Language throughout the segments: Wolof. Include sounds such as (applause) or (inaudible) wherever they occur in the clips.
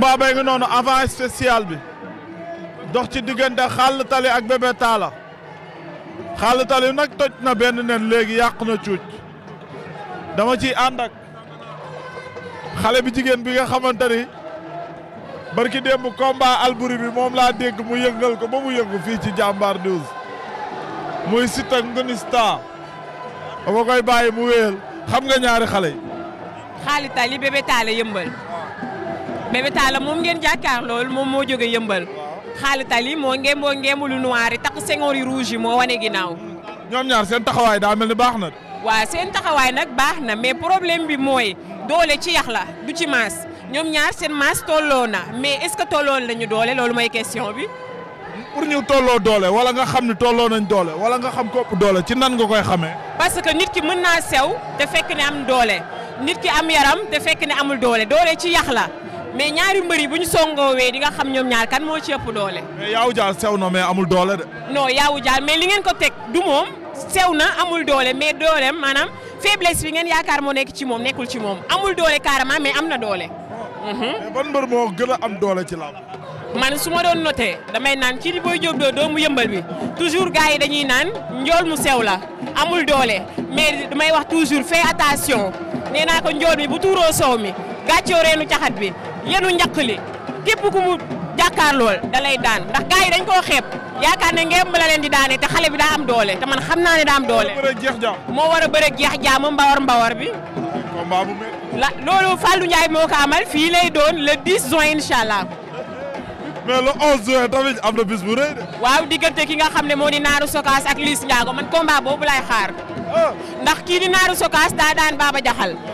combat ngi noonu avant spécial bi dox ci diggante Xàll Tali ak Bébé Talla Xàll Tali nag toj na benn nen léegi yàqu na cuuc dama ciy ànd ak xale bi jigéen bi nga xamante ni barki démb combat Alboury bi moom laa dégg mu yëngal ko ba mu yëngu fii ci jàmbaar news muy Siteu ak Ngoné Star dama koy bàyyi mu wéyal xam nga ñaari xale yi. Xàll Tali Bébé Talla yëmbal. Bébé Talla moom ngeen jàkkaar loolu moom moo jóge yëmbal xaali tali moo ngem boo ngeemu lu noir yi takk sengoor yu rouge yi moo wane ginnaaw ñoom ñaar seen taxawaay daa mel ni baax na waa seen taxawaay nag baax na mais problème bi mooy doole ci yax la du ci maas ñoom ñaar seen maas tolloo na mais est-ce que tolloon lañu doole loolu mooy question bi pour ñu tolloo doole wala nga xam ne tolloo nañ doole wala nga xam kopp doole ci nan nga koy xamee parce que nit ki mën naa sew te fekk ne am doole nit ki am yaram te fekk ne amul doole doole ci yax la mais ñaari mbër yi bu ñu songoowee di nga xam ñoom ñaar kan moo ci ëpp doole. mais Yawou Dial sew na mais amul doole de. non Yawou mais li ngeen ko teg du moom sew na amul doole mais dooleem maanaam faiblesse bi ngeen yaakaar moo nekk ci moom nekkul ci moom amul doole carrément mais am na doole. Mhm. mais ban moo gën a am ci làmb. man su ma doon noté damay naan ci li booy jóg doo mu yëmbal bi toujours gars yi dañuy naan njool mu sew la amul doole mais damay wax toujours fais attention nee naa ko njool mi bu tuuroo soow mi gàccoo reenu caxat bi. yenu njaq li képp ku mu jàkkaar lool da lay daan ndax gars yi dañ koo xeeb yaakaar ne ngeen la leen di daane te xale bi daa am doole te man xam naa ne daa am doole moo war a bëre jeex jaam mbawar mbawar bi la loolu Fallou Ndiaye moo ko fii lay doon le 10 juin incha allah mais le 11 juin tamit am na bu rëy de waaw diggante ki nga xam ne moo di Naaru Sokaas ak Liis Ndiago man combat boobu laay xaar ah. ndax kii di Naaru Sokaas daa daan Baba Jaxal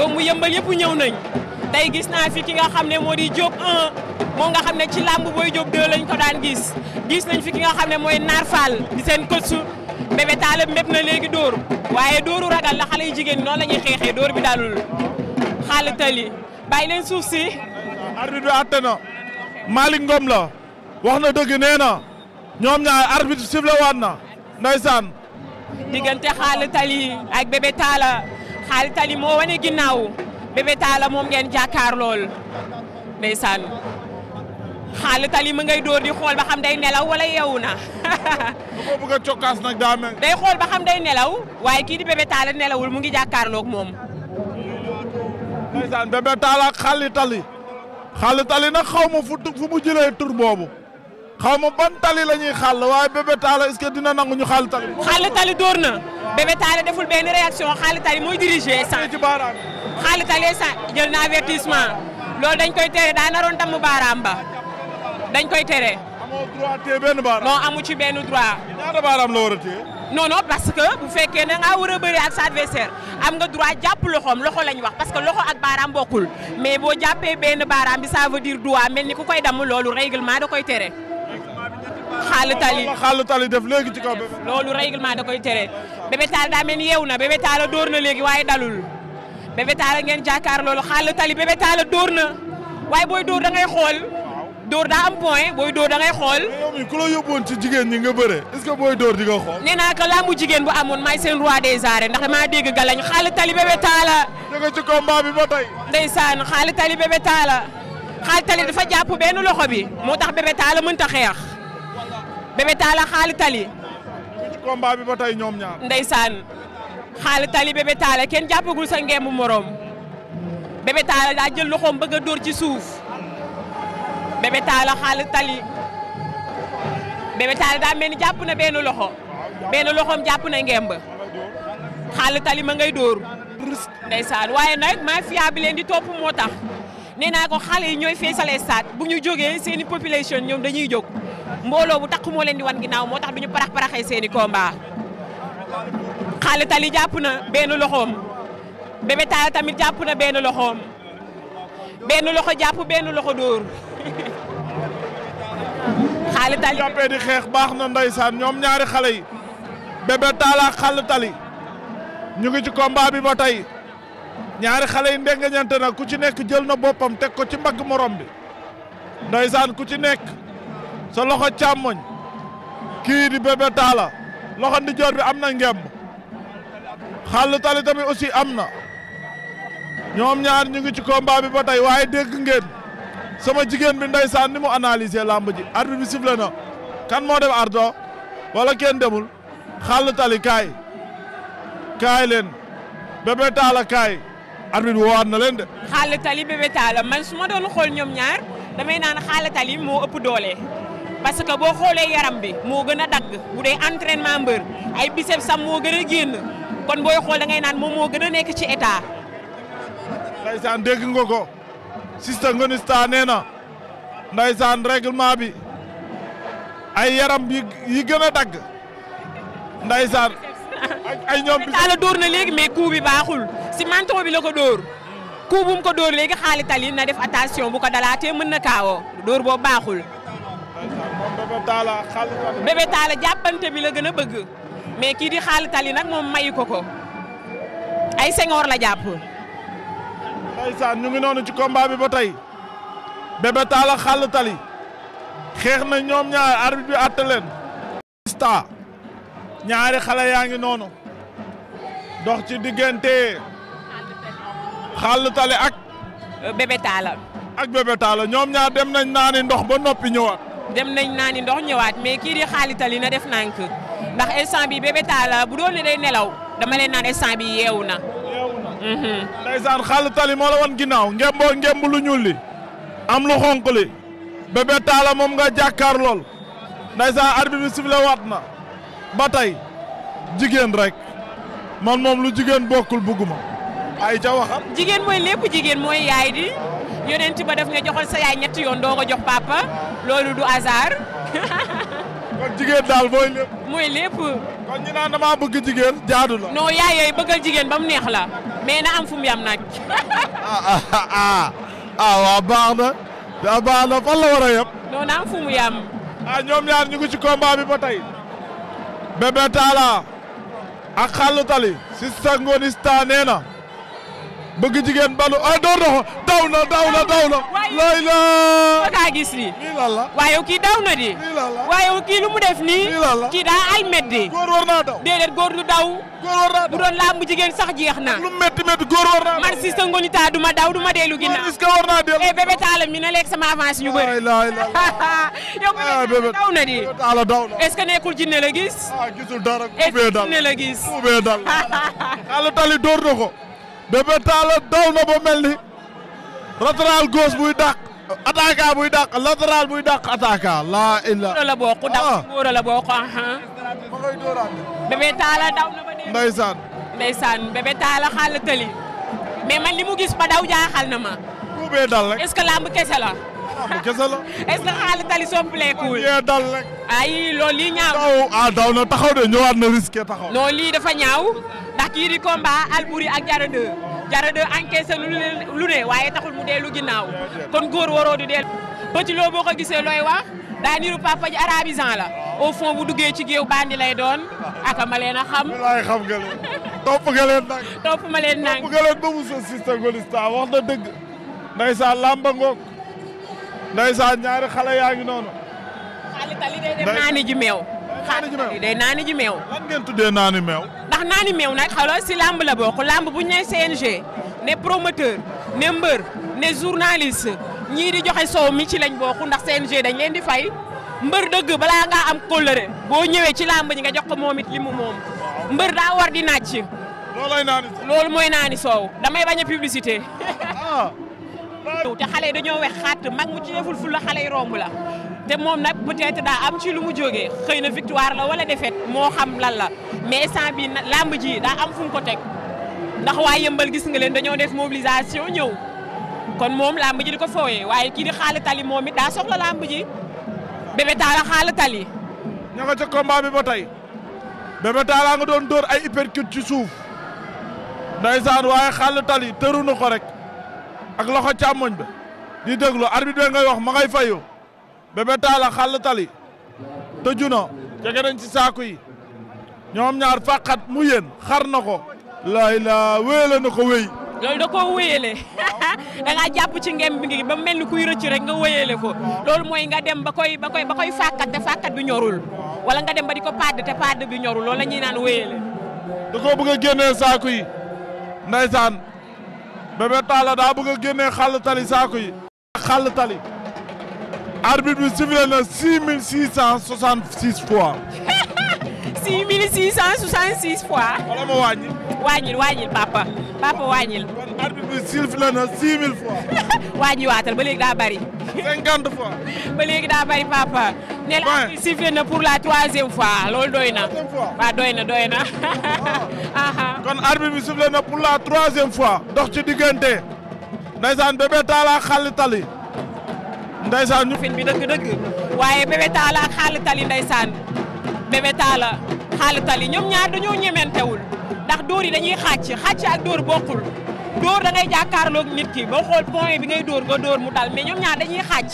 doomu yëmbal yëpp ñëw nañ tey gis naa fi ki nga xam ne moo di Diop 1 moom nga xam ne ci làmb booy Diop 2 lañ ko daan gis gis nañ fi ki nga xam ne mooy Naar Fall di seen coach Bébé Talla mépp na léegi dóor waaye dóoru ragal la xale yu jigéen noonu la ñuy xeexee dóor bi dalul xaal tali bàyyi leen suuf si. arbitre bi àtte na Malick Ngom la wax na dëgg nee na ñoom ñaar arbitre sifflé waat na ndeysaan diggante xaal ak Bébé Talla xaali moo wane ginnaaw Bébé Talla moom ngeen jàkkaar lool ndeysaan xaali ma ngay dóor di xool ba xam day nelaw wala yeewu na. (laughs) bu ko nag daa day xool ba xam day nelaw waaye kii di Bébé Talla nelawul mu ngi jàkkaarloog moom. ndeysaan Bébé Talla ak xaali tali. xaali xaw ma fu mu jëlee tur boobu. xaw ma ban tali la ñuy xàll waaye bébé Talla est-ce dina nangu ñu xàll tali. xàll tali dóor na bébé Talla deful benn réaction xàll tali mooy dirigé. sànq xàll tali sànq jël na avertissement loolu dañ koy tere daa naroon damm baaraam ba dañ koy tere. amoo droit téye amu ci benn droit. ñaata baaraam la war a téye. non non parce que bu fekkee ne war a bëri ak sa adversaire am nga droit jàpp loxoom loxo lañ wax parce que loxo a baaraam bokkul mais boo jàppee benn baaraam bi ça veut dire mel ni ku koy damm loolu règlement da koy tere. xaalu tali xaalu tali def léegi ci kaw bébé. loolu règlement da koy tere bébé taal daa mel ni na bébé taal dóor na léegi waaye dalul bébé taal ngeen jàkkaar loolu xaalu tali bébé taal dóor na waaye booy dóor da ngay xool. dóor daa am point booy door da ngay xool. yow mi ku jigéen ñi nga bëre est-ce que booy dóor di nee naa ko làmbu jigéen bu amoon may seen roi des arènes ndax damaa dégg galañ xaalu tali bébé taala. jóge ci combat bi ba tey. ndeysaan xaalu tali bébé taala xaalu tali dafa jàpp benn loxo bi moo tax bébé taala mënta xeex Bébé Talla Xaali Tali. ci combat ñoom ñaar. ndeysaan Xaali Tali kenn jàppagul sa ngemb moroom Bébé Talla daa jël loxoom bëgg a dóor ci suuf Bébé Talla Xaali Tali Bébé Talla daa mel ni jàpp na benn loxo benn loxoom jàpp na ngemb Xaali Tali ma ngay dóor. saan waaye nag mafia bi leen di topp moo tax nee naa ko xale yi ñooy feesal stade bu ñu jógee seeni population ñoom dañuy jóg. mbooloo bu takku moo leen di wan ginnaaw moo tax du ñu parax paraxee seeni i combat Tali jàpp na benn loxoom Bébé tamit jàpp na benn loxoom benn loxo jàpp benn loxo dóor (laughs) Xaali Tali. jàppee di xeex baax na ndeysaan ñoom ñaari xale yi Bébé Taala Xaali Tali ñu ngi ci combat bi ba tey ñaari xale yi ndengeñante na ku ci nekk jël na boppam teg ko ci mbagg morom bi ndeysaan ku ci nekk. sa loxo càmmoñ ki di bebe tala loxo jor bi amna ngem tali tamit aussi amna, ñom ñaar ñu ngi ci combat bi ba tey waaye ngeen sama jigen bi ndeysaan ni mu analyser lamb ji arbitre bi na kan mo dem ardo wala ken demul xàllu tali kay kay len bebe tala kay arbitre bi na de. tali Bébé Talla man su ma doon xool ñaar damay tali moo doole. parce que boo xoolee yaram bi moo gën a dagg bu dee entraînement mbër ay biceps sam moo gën a génn kon booy xool da ngay naan moom moo gën a nekk ci état. ndaysaan dégg nga ko sista ngonista nee na ndaysaan règlement bi ay yaram bi yi gën a dagg ndaysaan ak ay ñoom bi la dóor na léegi mais coup bi baaxul si manton bi la ko dóor coup bu ko dóor léegi xaalital yi na def attention bu ko dalaatee mën na kaawoo dóor boo baaxul bébé taala jàppante bi la gën a bëgg mais kii di xaali tali nag moom mayu ko ko ay sengoor la jàpp. ndeysaan ñu ngi noonu ci combat bi ba tey bébé taala xaali tali xeex na ñoom ñaar arbitre bi leen. star xale yaa ngi noonu dox ci diggante xaali tali ak. bébé taala. ak bébé taala ñoom ñaar dem nañ naani ndox ba noppi ñëwaat. dem nañ naa ni ndox ñëwaat mais kii di xaalitali na def nànk ndax instant bi Bébé bu doon ne day nelaw dama leen naan instant bi yeewu na. yeewu na. Mhm. ndeysaan xaalitali moo la wan ginnaaw ngemboo ngemb lu ñuul li am lu xonq li moom nga jàkkaar lool ndeysaan arbitre bi sifflé waat na ba jigéen rek man moom lu jigéen bokkul buguma ay ca waxam jigéen mooy lépp jigéen mooy yaay di. yonent ba def nga joxoon sa yaay ñetti yoon doo ko jox papa loolu du hasard. kon jigéen daal mooy lépp. mooy lépp. kon ñu naan damaa bëgg jigéen jaadu la. non yaay yooyu bëggal jigéen ba neex la mais na am fu yam nag. Ah, ah ah ah ah waaw baax na. daa ah, baax na fan la war a yem. non na am fu mu yam. ah ñoom ñaar ñu ngi ci combat bi ba tey. Bébé Talla ak Xallu Tali. Cissé Ngonista nee bëgg jigéen balu ay door na ko daw na daw na daw na. waay la ko kii daw na di. lii lan kii lu mu def nii. lii lan la kii daa almet di. góor war naa daw déedéet góor du daw. góor war naa bu jigéen sax jeex na. lu métti métti góor war naa daw man si sa ngonitaa du ma daw du ma dellu ginnaaw. est que war naa dellu eh bébé taala mi na lekk sama avance ñu bëri. waay la (laughs) yow ah, bébé daw na di. taala daw na est-ce que nekkul jinne la gis. ah dara. kubee jinne la gis. kubee dal xaalu (laughs) tali door na Bébé Taala daw ba mel ni latéral gauche buy dàq attaquant buy dàq latéral buy dàq attaquant laa illa la bokk ah. ah, ah. daw góor la bokk aha ma Taala daw ba dee ndeysaan ndeysaan Taala xaal tëli mais man li mu gis ba daw jaaxal na ma tuubee dal rek est-ce que lamb kese la lamb kese la (laughs) est-ce que xaal dal rek ay loli lii ñaaw. taw ah daw na taxaw de ñëwaat na risqué taxaw. non lii dafa ñaaw ndax kii di combat Albouri ak Diarra 2 Diarra 2 encaissé lu ne lu ne waaye taxul mu dellu ginnaaw kon góor waroo di dellu. Petit Lo boo ko gisee looy wax daa niru papa ji arabisant la au fond bu duggee ci géew bandi lay doon aka ma leen xam. walaay xam nga leen. topp nga leen ma leen nag topp nga ba mu sa sista golista wax na dëgg. ndaysaan lamba ngoog ndaysaan ñaari xale yaa ngi tali day dem naani ji meew. xaar day naani ji meew. naani meew. ndax naani meew nag xaloo si làmb la bokk làmb bu ñu nee CNG ne promoteur ne mbër ne journaliste ñii di joxe soow mi ci lañ bokk ndax CNG dañ leen di fay mbër dëgg balaa ngaa am kóllëre boo ñëwee ci làmb ñi nga jox ko moom it li moom mbër daa war di naaj ci. naani mooy naani soow damay bañ a publicité. Ah. (laughs) te xale dañoo wex xàtt mag mu ci deful fu la xale yi romb la. te moom nag peut-être daa am ci lu mu jógee xëy na victoire la wala défaite moo xam lan la mais instant bi làmb ji daa am fu mu ko teg ndax waa yëmbal gis nga leen dañoo def mobilisation ñëw kon moom làmb ji di ko fooyee waaye kii di xaala tali moom it daa soxla làmb ji Bébé Talla xaala tali. ña nga ca combat bi ba tey Bébé Talla nga doon dóor ay uppercut ci suuf ndeysaan waaye xaala tali tëru na ko rek ak loxo càmmoñ ba di déglu arbitre bi ngay wax ma ngay Bebetala tala xàll tali tëju na jege nañ ci saaku yi ñom ñaar faqat mu yeen xar nako ko laay laa nako na ko da ko weyele (laughs) da nga japp ci ngem bi ngi ba melni kuy rëcc rek nga weyele ko loolu moy nga dem ba koy ba koy ba koy te fàkkat bi ñorul wala nga dem ba diko ko te pad bi ñorul loolu lañuy naan da ko bëgg khalatali saaku yi ndaysan bëgg xal tali saaku yi xal tali arbitre bi 6666 fois. 6666 (laughs) fois. wala papa papa wàññil. arbitre bi a 6000 fois. (laughs) wàññi waatal ba 50 fois. ba papa. arbitre pour la troisième fois loolu doy na. fois. Ah. (laughs) arbitre pour la troisième fois. dox ci bébé ndeysaan ñu fin bi dëgg-dëgg waaye bébé Talla ak Xaali Tali ndeysaan bébé Talla Xaali Tali ñoom ñaar dañoo ñementewul ndax dóor yi dañuy xàcc xàcc ak dóor bokkul dóor da ngay jàkkaarloog nit ki boo xool point bi ngay dóor nga dóor mu dal mais ñoom ñaar dañuy xàcc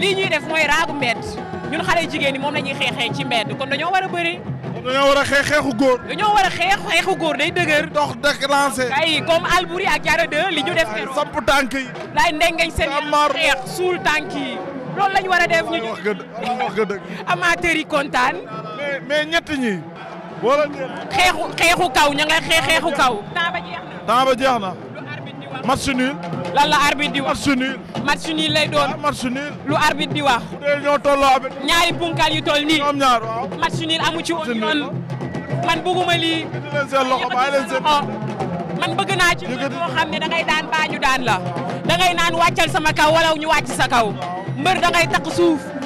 lii ñuy def mooy raagu mbedd ñun xale jigéen ñi moom la ñuy xeexee ci mbedd kon dañoo war a bëri dañoo war xeex xeexu góor. dañoo war a xeex xeexu góor day dëgër. dox déclenché. ay comme Albouri ak Diarra li ñu def. keroog samp tànk yi. laay ndengeñ seen xeex suul tànk yi. loolu la ñu war a def ñu. wax nga dëgg amateur yi kontaan. mais mais ñett ñi. wala xeexu xeexu kaw ña nga xeex xeexu kaw. temps ba jeex na. match nul. lan la arbitre di wax match nul. match lay doon ah, lu arbitre di wax. ñaari punkal yu toll nii. ñoom ñaar waaw. match nul amu ci woon yoon. man bëgguma lii. yëkkati leen oh. man bëgg naa ci mbër boo xam ne da daan baa daan la. dangay naan wàccal sama kaw wala ñu wàcc sa kaw. mbër da takk suuf.